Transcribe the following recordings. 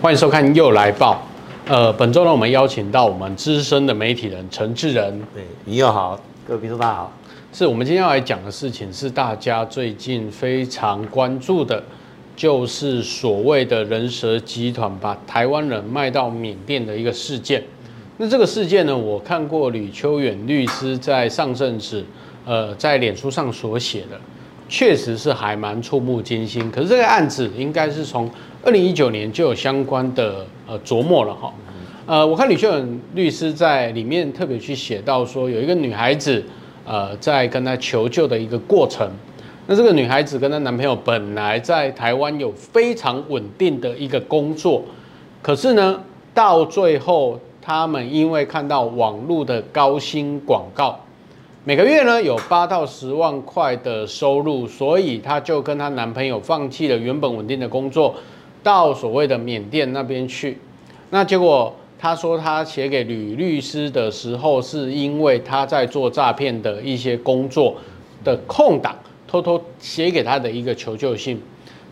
歡迎收看《祐來爆》。呃，本周呢，我們邀請到我們資深的媒體人陳志仁。對，你好，各位聽眾大家好。是我們今天要來講的事情是大家最近非常關注的，就是所謂的“人蛇集團”把台灣人賣到緬甸的一個事件。那這個事件呢，我看過呂秋遠律師在上陣子，呃，在臉書上所寫的，確實是還蠻觸目驚心。可是這個案子應該是從。二零一九年就有相關的呃琢磨了哈，呃，我看李秀文律師在裡面特別去寫到說，有一個女孩子呃在跟她求救的一個過程。那這個女孩子跟她男朋友本來在台灣有非常穩定的一個工作，可是呢，到最後他們因為看到網絡的高薪廣告，每個月呢有八到十萬塊的收入，所以她就跟她男朋友放棄了原本穩定的工作。到所謂的緬甸那邊去，那結果他說他寫給呂律師的時候，是因為他在做詐騙的一些工作的空檔，偷偷寫給他的一個求救信。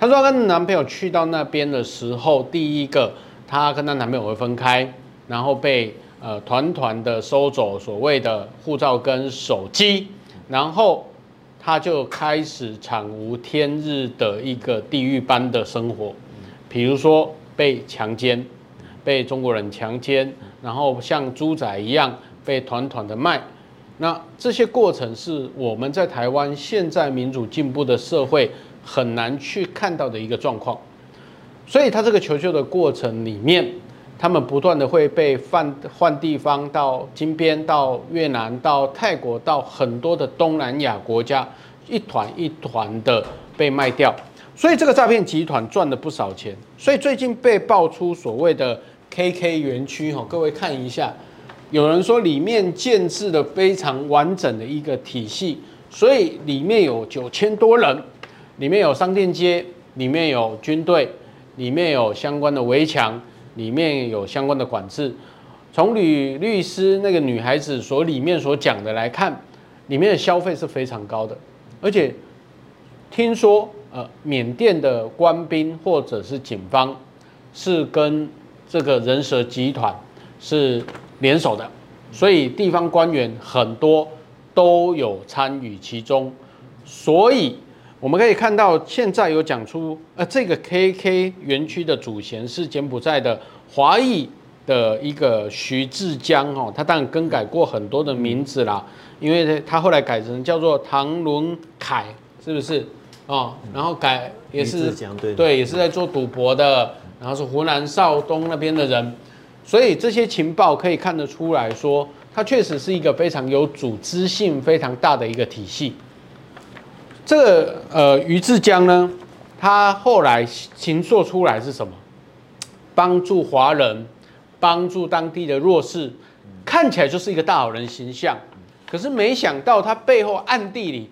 他說他跟男朋友去到那邊的時候，第一個他跟他男朋友會分開，然後被呃團團的收走所謂的護照跟手機，然後他就開始慘無天日的一個地獄般的生活。比如說被強姦，被中國人強姦，然後像豬仔一樣被團團的賣，那這些過程是我們在台灣現在民主進步的社會很難去看到的一個狀況。所以，他這個求救的過程裡面，他們不斷的會被換換地方，到金邊、到越南、到泰國、到很多的東南亞國家，一團一團的被賣掉。所以這個詐騙集團賺了不少錢。所以最近被爆出所謂的 KK 園區，吼各位看一下，有人說裡面建制的非常完整的一個體系，所以裡面有九千多人，裡面有商店街，裡面有軍隊，裡面有相關的圍牆，裡面有相關的管制。從呂律師那個女孩子所裡面所講的來看，裡面的消費是非常高的，而且聽說。呃，緬甸的官兵或者是警方是跟這個人蛇集團是聯手的，所以地方官員很多都有參與其中。所以我們可以看到，現在有講出，呃，這個 KK 園區的主嫌是柬埔寨的華裔的一個徐志江，哦，他當然更改過很多的名字啦，因為他後來改成叫做唐倫凱，是不是？哦，然後改也是，對，也是在做賭博的，然後是湖南邵東那邊的人，所以這些情報可以看得出來說，他確實是一個非常有組織性、非常大的一個體系。這個呃，於志江呢，他後來形做出來是什麼？幫助華人，幫助當地的弱勢，看起來就是一個大好人形象，可是沒想到他背後暗地裡。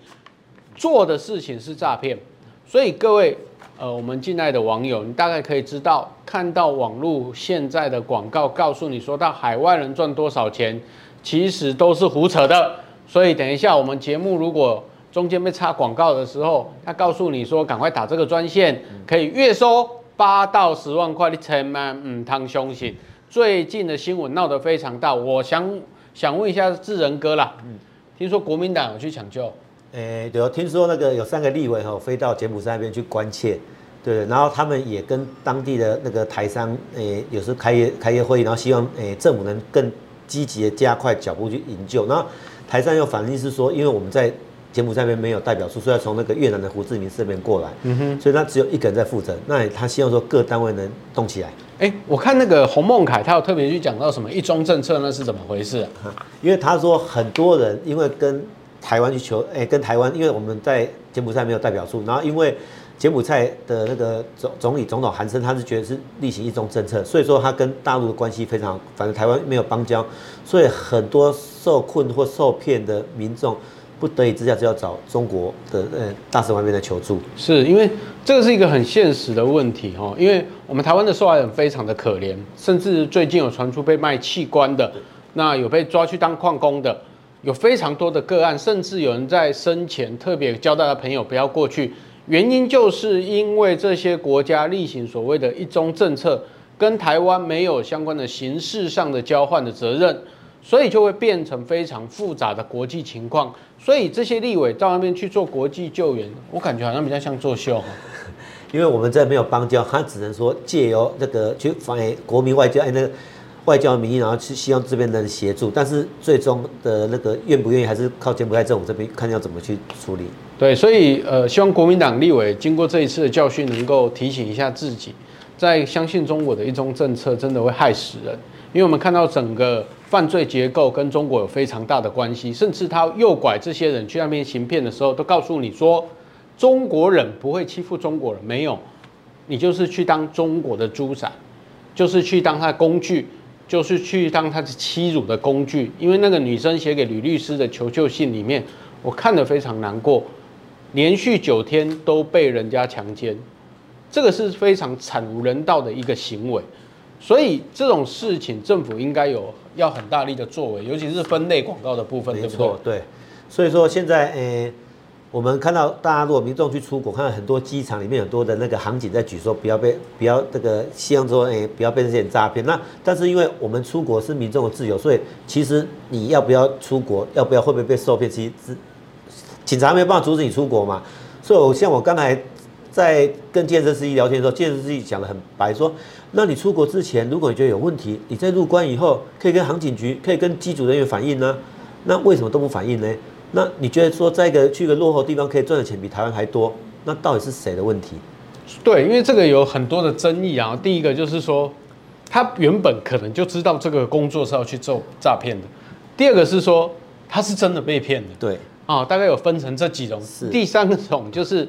做的事情是詐騙，所以各位，呃，我們敬愛的網友，你大概可以知道，看到網絡現在的廣告，告訴你說到海外能賺多少錢，其實都是胡扯的。所以等一下我們節目如果中間被插廣告的時候，他告訴你說趕快打這個專線，可以月收八到十萬塊，你成嗎？嗯，湯凶死。最近的新聞鬧得非常大，我想想問一下智仁哥啦，嗯，聽說國民黨有去搶救。誒、欸，對，我聽說那個有三個立委哈、哦，飛到柬埔寨那邊去關切，對，然後他們也跟當地的那個台商，誒、呃，有時候開業開業會議，然後希望誒、呃、政府能更積極的加快腳步去營救。然後台商又反映是說，因為我們在柬埔寨那邊沒有代表處，所以要從那個越南的胡志明這邊過來，嗯哼，所以他只有一個人在負責。那他希望說各單位能動起來。哎、欸、我看那個洪孟凱，他有特別去講到什麼一中政策那是怎麼回事、啊？因為他說很多人因為跟。台灣去求哎、欸，跟台灣，因為我們在柬埔寨沒有代表處，然後因為柬埔寨的那個總總理、總統韓森，他是覺得是厲行一中政策，所以說他跟大陸的關係非常，反正台灣沒有邦交，所以很多受困或受騙的民眾，不得已之下就要找中國的呃、欸、大使館那邊的求助。是因為這個是一個很現實的問題哈，因為我們台灣的受害人非常的可憐，甚至最近有傳出被賣器官的，那有被抓去當礦工的。有非常多的個案，甚至有人在生前特別交代的朋友不要過去，原因就是因為這些國家例行所謂的一中政策，跟台灣沒有相關的形式上的交換的責任，所以就會變成非常複雜的國際情況。所以這些立委到那邊去做國際救援，我感覺好像比較像作秀。因為我們這沒有邦交，他只能說借由這個去反映國民外交哎，那個。外交名義，然後去希望這邊能協助，但是最終的那個願不願意，還是靠柬埔寨政府這邊看要怎麼去處理。對，所以呃，希望國民黨立委經過這一次的教訓，能夠提醒一下自己，在相信中國的一中政策真的會害死人，因為我們看到整個犯罪結構跟中國有非常大的關係，甚至他誘拐這些人去那邊行騙的時候，都告訴你說中國人不會欺負中國人，沒有，你就是去當中國的豬仔，就是去當他的工具。就是去當他的欺辱的工具，因為那個女生寫給呂律師的求救信裡面，我看得非常難過，連續九天都被人家強姦，這個是非常慘無人道的一個行為，所以這種事情政府應該有要很大力的作為，尤其是分類廣告的部分，沒錯 對不對？對，所以說現在誒。我們看到大家如果民眾去出國，看到很多機場裡面很多的那個航警在舉說不要被不要這個希望說哎不要被這些人詐騙。那但是因為我們出國是民眾的自由，所以其實你要不要出國，要不要會不會被受騙，其實警察沒辦法阻止你出國嘛。所以我像我剛才在跟建設司機聊天的時候，建設司機講得很白說，那你出國之前如果你覺得有問題，你在入關以後可以跟航警局可以跟機組人員反映呢。那為什麼都不反映呢？那你覺得說在一個去一個落後地方可以賺的錢比台灣還多，那到底是誰的問題？對，因為這個有很多的爭議啊。第一個就是說，他原本可能就知道這個工作是要去做詐騙的；第二個是說，他是真的被騙的。對啊、哦，大概有分成這幾種。是第三個種就是。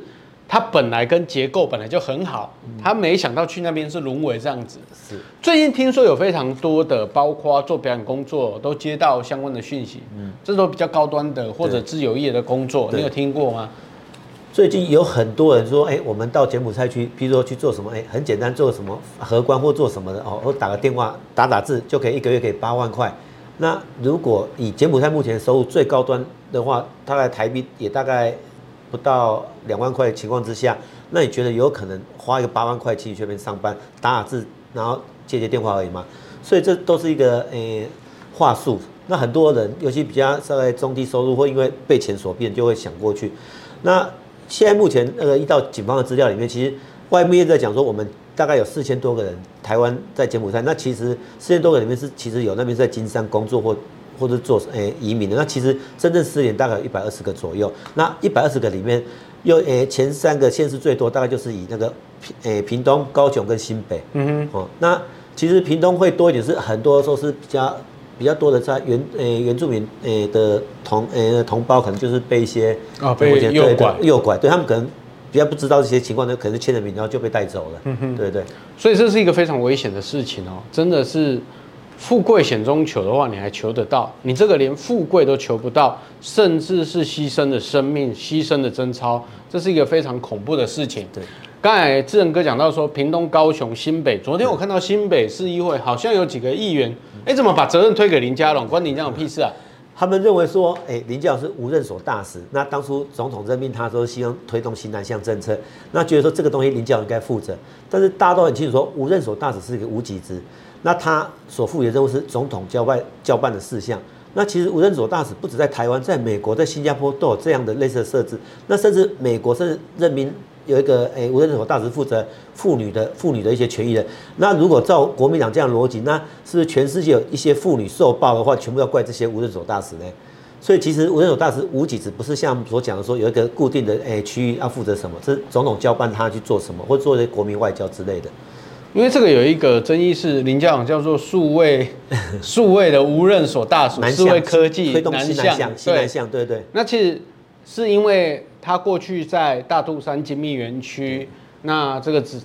他本來跟結構本來就很好，他沒想到去那邊是淪為這樣子。是最近聽說有非常多的，包括做表演工作都接到相關的訊息。嗯，這種比較高端的或者自由業的工作，對你有聽過嗎？最近有很多人說，哎、欸，我們到柬埔寨去，譬如說去做什麼，哎、欸，很簡單，做什麼荷官或做什麼的哦，或打個電話打打字就可以一個月給八萬塊。那如果以柬埔寨目前收入最高端的話，大概台幣也大概，不到兩萬塊的情況之下，那你覺得有可能花一個八萬塊去這邊上班打打字，然後接接電話而已嗎？所以這都是一個誒、呃、話術。那很多人，尤其比較在中低收入或因為被錢所騙就會想過去。那現在目前那個一到警方的資料裡面，其實外面在講說，我們大概有四千多個人台灣在柬埔寨。那其實四千多個人裡面是，其實有那邊在經商工作或。或是做呃、欸、移民的，那其實深圳失聯大概有一百二十個左右。那一百二十個裡面又，又、欸、呃前三個縣市最多，大概就是以那個屏呃屏東、高雄跟新北。嗯哼。哦，那其實屏東會多一點，是很多時候是比較比較多的在原呃、欸、原住民呃的同呃、欸、同胞，可能就是被一些啊被誘拐，誘拐，對,館對他們可能比較不知道這些情況的，可能是簽了名然後就被帶走了。嗯哼，對,對對。所以這是一個非常危險的事情哦、喔，真的是。富貴險中求的話，你還求得到？你這個連富貴都求不到，甚至是犧牲的生命、犧牲的貞操，這是一個非常恐怖的事情。對，剛才志仁哥講到說，屏東、高雄、新北，昨天我看到新北市議會好像有幾個議員，哎對、欸，怎麼把責任推給林家龍？關你這種屁事啊？他們認為說，哎、欸，林佳龍是無任所大使，那當初總統任命他說希望推動新南向政策，那覺得說這個東西林佳龍應該負責。但是大家都很清楚說，無任所大使是一個無給職。那他所賦予的任務是總統交辦交辦的事項。那其實無任所大使不止在台灣，在美國，在新加坡都有這樣的類似設置。那甚至美國甚至任命有一個欸無任所大使負責婦女的婦女的一些權益的。那如果照國民黨這樣邏輯，那是不是全世界有一些婦女受暴的話，全部要怪這些無任所大使呢？所以其實無任所大使無給職，不是像所講的說有一個固定的欸區域要負責什麼，是總統交辦他去做什麼，或做一些國民外交之類的。因為這個有一個爭議是林教長叫做數位數位的無人所大數數位科技南向對對對，那其實是因為他過去在大肚山精密園區，那這個指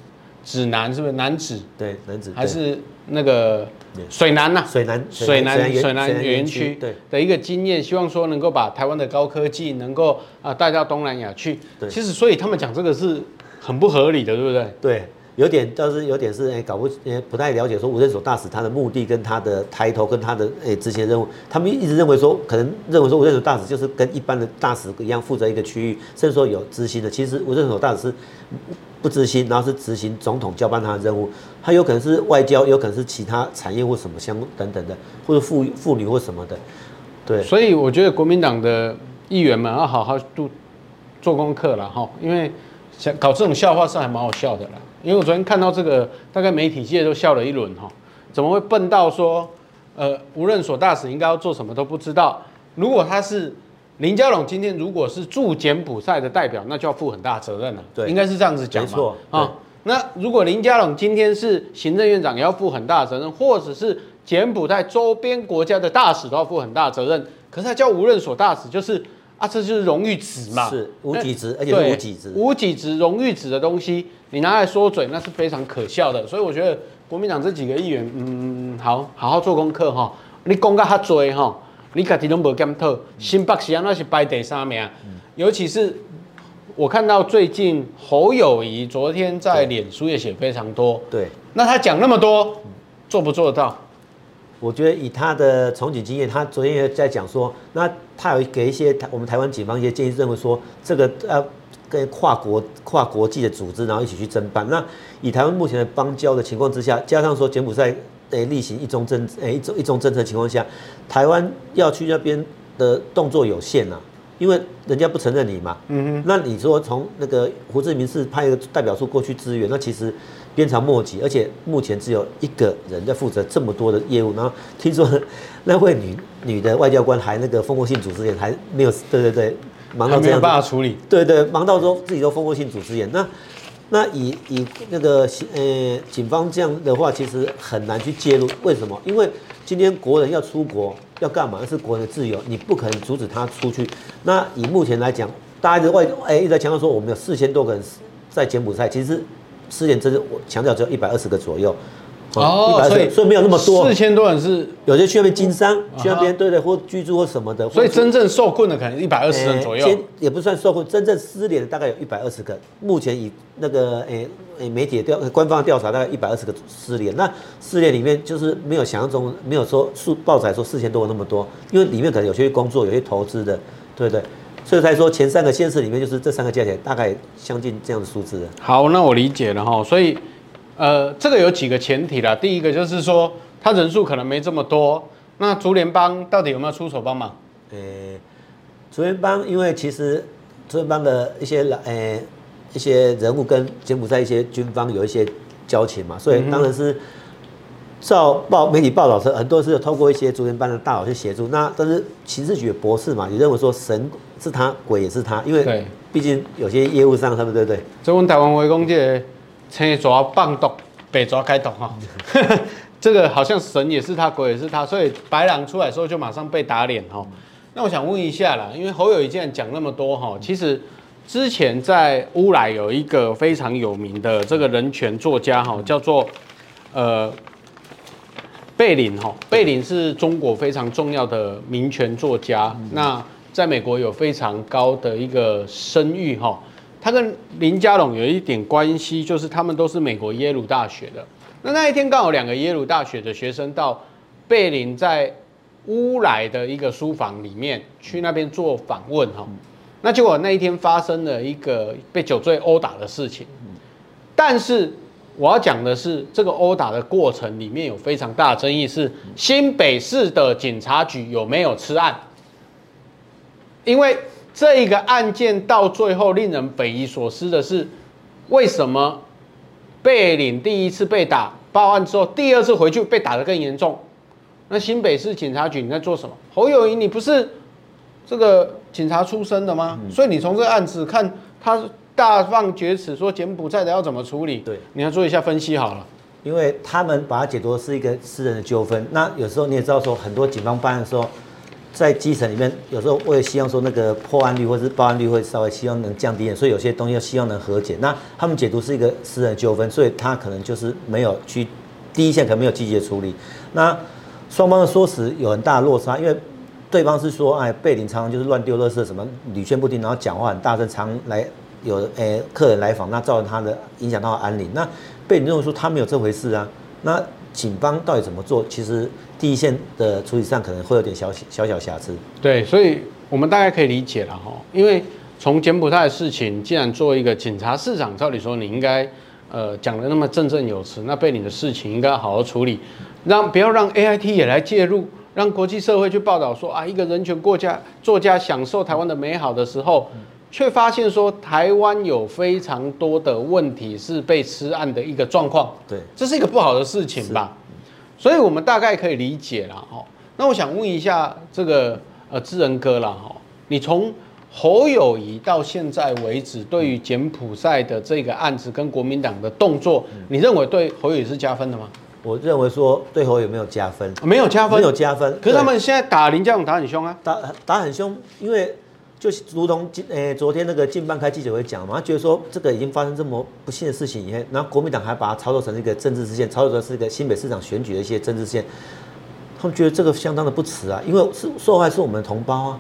指南是不是南指對南指還是那個水南吶水南水南水南園區對的一個經驗，希望說能夠把台灣的高科技能夠啊帶到東南亞去，其實所以他們講這個是很不合理的，對不對？對。有點倒，就是有點是哎、欸、搞不、欸、不太了解，說無任所大使他的目的跟他的抬頭跟他的哎執、欸、行任務，他們一直認為說，可能認為說無任所大使就是跟一般的大使一樣負責一個區域，甚至說有執行的。其實無任所大使是不執行，然後是執行總統交辦他的任務。他有可能是外交，有可能是其他產業或什麼相關等等的，或者婦婦女或什麼的。對，所以我覺得國民黨的議員們要好好度做功課了哈，因為想搞這種笑話是還蠻好笑的啦。因為我昨天看到這個，大概媒體界都笑了一輪哈、哦，怎麼會笨到說，呃，無任所大使應該要做什麼都不知道？如果他是林佳龍今天如果是駐柬埔寨的代表，那就要負很大責任了。對，應該是這樣子講嘛。嗯、啊、哦，那如果林佳龍今天是行政院長，也要負很大責任，或者是柬埔寨周邊國家的大使都要負很大責任。可是他叫無任所大使，就是。啊，這就是榮譽值嘛，是無幾值，那而且無幾值，無幾值榮譽值的東西，你拿來說嘴，那是非常可笑的。所以我覺得國民黨這幾個議員，嗯，好好好做功課哈、哦，你講噶哈多哈，你家己都無檢討。新北市原那是排第三名，嗯、尤其是我看到最近侯友宜昨天在臉書也寫非常多，對，對，那他講那麼多，做不做得到？我覺得以他的從警經驗，他昨天也在講說，那他有給一些台我們台灣警方一些建議，認為說這個呃跟跨國跨國際的組織，然後一起去偵辦。那以台灣目前的邦交的情況之下，加上說柬埔寨誒、欸、例行一中政誒、欸、一中一中政策的情況下，台灣要去那邊的動作有限吶、啊，因為人家不承認你嘛。嗯嗯。那你說從那個胡志明市派一個代表處過去支援，那其實。鞭長莫及，而且目前只有一個人在負責這麼多的業務。然後聽說那位女女的外交官還那個蜂窩性組織炎還沒有對對對，忙到這樣，沒有辦法處理。對，對對，忙到說自己都蜂窩性組織炎那那以以那個呃、欸、警方這樣的話，其實很難去介入。為什麼？因為今天國人要出國要幹嘛？是國人的自由，你不可能阻止他出去。那以目前來講，大家在外哎、欸、一直在強調說，我們有四千多個人在柬埔寨，其實。失聯，這的我強調，只有一百二十個左右。哦，oh, 120, 所以所以沒有那麼多。四千多人是有些去那邊經商，uh huh. 去那邊對對，對或居住或什麼的。所以真正受困的可能一百二十人左右，欸、先也不算受困，真正失聯大概有一百二十個。目前以那個誒誒、欸欸、媒體調官方調查，大概一百二十個失聯。那失聯裡面就是沒有想象中，沒有說報載說四千多人那麼多，因為裡面可能有些工作，有些投資的，對不對。所以才說前三個縣市裡面，就是這三個價錢，大概相近這樣的數字。好，那我理解了哈。所以，呃，這個有幾個前提啦。第一個就是說，他人數可能沒這麼多。那竹聯幫到底有沒有出手幫忙？呃、欸，竹聯幫，因為其實竹聯幫的一些老呃、欸、一些人物跟柬埔寨一些軍方有一些交情嘛，所以當然是、嗯。照報媒體報道說，很多是有透過一些竹聯幫的大佬去協助。那但是刑事局博士嘛，你認為說神是他，鬼也是他，因為畢竟有些業務上，他不對不對？中文對台灣圍攻界，青要棒懂，被抓開懂哈。 這個好像神也是他，鬼也是他，所以白狼出來的時候就馬上被打臉哈、喔。嗯、那我想問一下啦，因為侯友宜經講那麼多哈、喔，其實之前在烏來有一個非常有名的這個人權作家哈、喔，叫做呃。貝林，哈，貝林是中國非常重要的民權作家，那在美國有非常高的一個聲譽哈。他跟林家龍有一點關係，就是他們都是美國耶魯大學的。那那一天剛好兩個耶魯大學的學生到貝林，在烏來的一個書房裡面去那邊做訪問哈。那結果那一天發生了一個被酒醉毆打的事情，但是。我要講的是，這個毆打的過程裡面有非常大的爭議，是新北市的警察局有沒有吃案？因為這一個案件到最後令人匪夷所思的是，為什麼被領第一次被打報案之後，第二次回去被打得更嚴重？那新北市警察局你在做什麼？侯友宜，你不是這個警察出身的嗎？所以你從這個案子看他。大放厥詞說柬埔寨的要怎麼處理？對，你要做一下分析好了，因為他們把它解讀是一個私人的糾紛。那有時候你也知道說，很多警方辦案的時候，在基層裡面，有時候我也希望說那個破案率或是報案率會稍微希望能降低一點，所以有些東西要希望能和解。那他們解讀是一個私人糾紛，所以他可能就是沒有去第一線，可能沒有積極的處理。那雙方的說辭有很大的落差，因為對方是說，哎，背林常常就是亂丟垃圾，什麼屢勸不聽，然後講話很大聲，常來。有誒，客人來訪，那造成他的影響到安寧。那被你認為說他沒有這回事啊？那警方到底怎麼做？其實第一線的處理上可能會有點小小小瑕疵。對，所以我們大概可以理解了哈，因為從柬埔寨的事情，既然做一個警察市長，照理說你應該講得那麼振振有詞，那被你的事情應該要好好處理，讓不要讓 AIT 也來介入，讓國際社會去報道說啊，一個人權國家作家享受台灣的美好的時候。卻發現說，台灣有非常多的問題是被吃案的一個狀況，對，這是一個不好的事情吧。所以，我們大概可以理解了哈。那我想問一下這個呃，志仁哥了哈，你從侯友宜到現在為止，對於柬埔寨的這個案子跟國民黨的動作，你認為對侯友宜是加分的嗎？我認為說對侯友沒有加分，沒有加分有加分。可是他們現在打林佳龍，打很兇啊，打打很兇，因為。就如同今誒，昨天那個近半開記者會講嘛，他覺得說這個已經發生這麼不幸的事情以後，然後國民黨還把它操作成一個政治事件，操作成是一個新北市長選舉的一些政治事件。他們覺得這個相當的不齒啊，因為是受害是我們的同胞啊，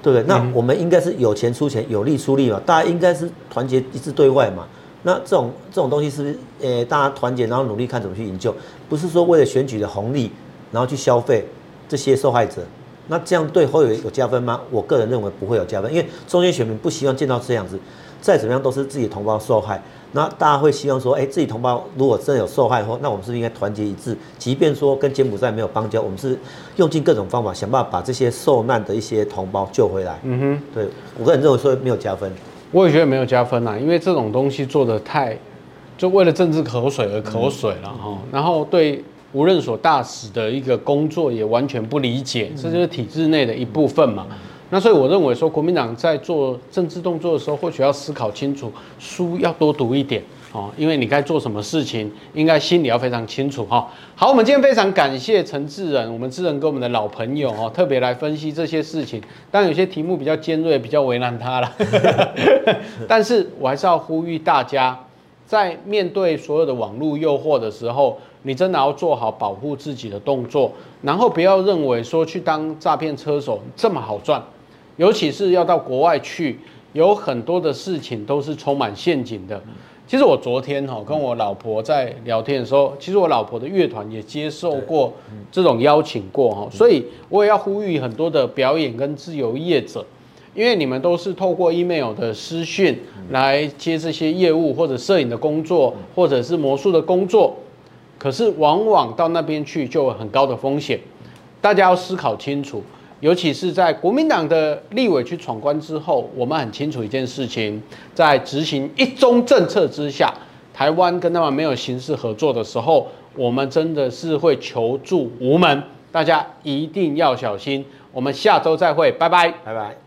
對不對？那我們應該是有錢出錢，有力出力嘛，大家應該是團結一致對外嘛。那這種這種東西是不是，誒，大家團結然後努力看怎麼去營救，不是說為了選舉的紅利，然後去消費這些受害者。那這樣對後有有加分嗎？我個人認為不會有加分，因為中間選民不希望見到這樣子，再怎麼樣都是自己同胞受害。那大家會希望說，哎、欸，自己同胞如果真的有受害的話，那我們是不是應該團結一致，即便說跟柬埔寨沒有邦交，我們是用盡各種方法想辦法把這些受難的一些同胞救回來。嗯哼，對，我個人認為說沒有加分，我也覺得沒有加分啦，因為這種東西做的太，就為了政治口水而口水了哈，嗯嗯、然後對。無任所大使的一個工作也完全不理解，這是就是體制內的一部分嘛。那所以我認為說，國民黨在做政治動作的時候，或許要思考清楚，書要多讀一點哦、喔，因為你該做什麼事情，應該心裡要非常清楚哈、喔。好，我們今天非常感謝陳志仁，我們志仁跟我們的老朋友哦、喔，特別來分析這些事情。當然有些題目比較尖銳，比較為難他了。 但是我還是要呼籲大家，在面對所有的網絡誘惑的時候，你真的要做好保護自己的動作，然後不要認為說去當詐騙車手這麼好賺，尤其是要到國外去，有很多的事情都是充滿陷阱的。其實我昨天哈跟我老婆在聊天的時候，其實我老婆的樂團也接受過這種邀請過哦。所以我也要呼籲很多的表演跟自由業者，因為你們都是透過 email 的私訊來接這些業務，或者攝影的工作，或者是魔術的工作。可是，往往到那邊去就有很高的風險，大家要思考清楚。尤其是在國民黨的立委去闖關之後，我們很清楚一件事情：在執行一中政策之下，台灣跟他們沒有形式合作的時候，我們真的是會求助無門。大家一定要小心。我們下周再會，拜拜，拜拜。